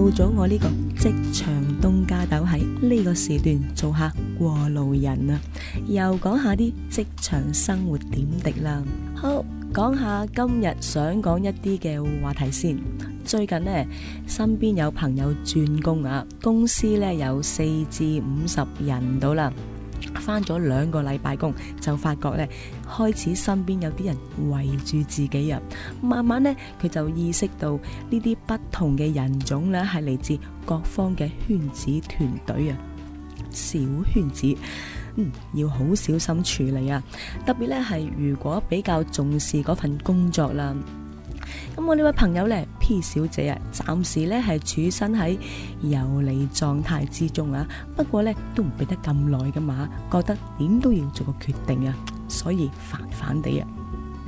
到咗我呢個職場東加豆喺呢個時段做下過路人啊，又講下啲職場生活點滴啦。好，講下今日想講一啲嘅話題先。最近呢，身邊有朋友轉工啊，公司呢有四至五十人到啦。返咗兩個禮拜工，就發覺咧，開始身邊有啲人圍住自己啊。慢慢咧，佢就意識到呢啲不同嘅人種咧，係嚟自各方嘅圈子團隊啊。小圈子，嗯，要好小心處理啊。特別咧，係如果比較重視嗰份工作啦。咁我呢位朋友咧，P 小姐啊，暫時咧係處身喺遊離狀態之中啊，不過咧都唔俾得咁耐噶嘛，覺得點都要做個決定啊，所以煩煩地啊。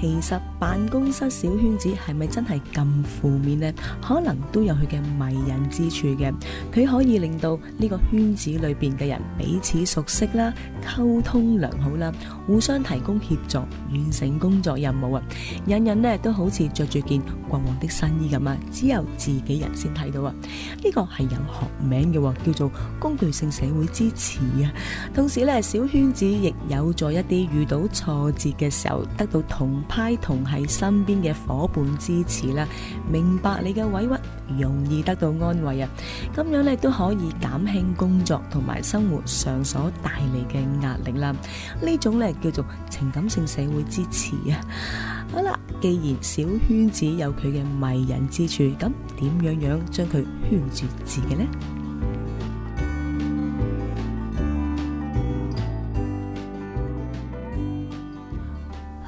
其實辦公室小圈子係咪真係咁負面呢？可能都有佢嘅迷人之處嘅。佢可以令到呢個圈子裏邊嘅人彼此熟悉啦、溝通良好啦、互相提供協助、完成工作任務啊。人人呢都好似着住件國王的新衣咁啊，只有自己人先睇到啊。呢個係有學名嘅，叫做工具性社會支持啊。同時呢，小圈子亦有助一啲遇到挫折嘅時候得到痛。派同喺身邊嘅伙伴支持啦，明白你嘅委屈，容易得到安慰啊，咁樣咧都可以減輕工作同埋生活上所帶嚟嘅壓力啦。呢種咧叫做情感性社會支持啊。好啦，既然小圈子有佢嘅迷人之處，咁點樣樣將佢圈住自己呢？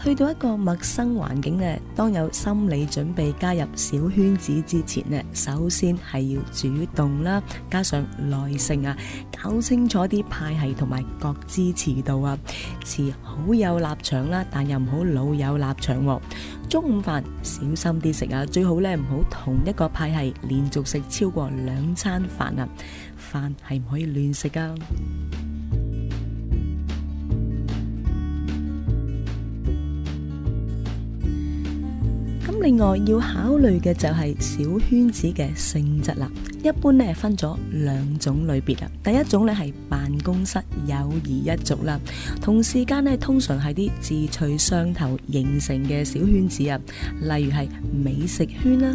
去到一個陌生環境呢，當有心理準備加入小圈子之前呢，首先係要主動啦，加上耐性啊，搞清楚啲派系同埋各支持度啊，持好有立場啦，但又唔好老有立場哦。中午飯小心啲食啊，最好咧唔好同一個派系連續食超過兩餐飯啊，飯係唔可以亂食噶。咁另外要考慮嘅就係小圈子嘅性質啦，一般咧分咗兩種類別噶，第一種咧係辦公室友誼一族啦，同事間咧通常係啲志趣相投形成嘅小圈子啊，例如係美食圈啦。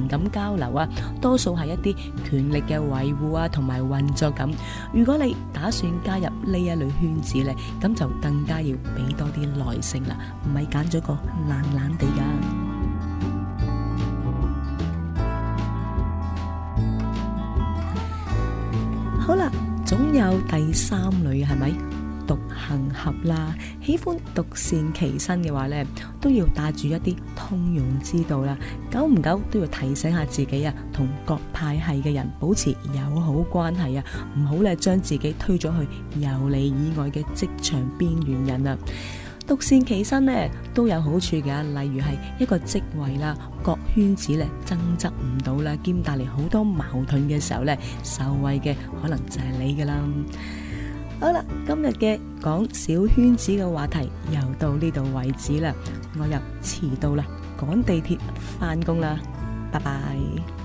唔敢交流啊，多數係一啲權力嘅維護啊，同埋運作咁。如果你打算加入呢一類圈子呢，咁就更加要俾多啲耐性啦，唔係揀咗個懶懶地噶。好啦，總有第三類，係咪？獨行俠啦，喜歡獨善其身嘅話呢，都要帶住一啲通用之道啦。久唔久都要提醒下自己啊，同各派系嘅人保持友好關係啊，唔好咧將自己推咗去由你以外嘅職場邊緣人啊。獨善其身呢都有好處噶，例如係一個職位啦，各圈子咧爭執唔到啦，兼帶嚟好多矛盾嘅時候呢，受惠嘅可能就係你噶啦。好啦，今日嘅講小圈子嘅話題又到呢度為止啦，我又遲到啦，趕地鐵返工啦，拜拜。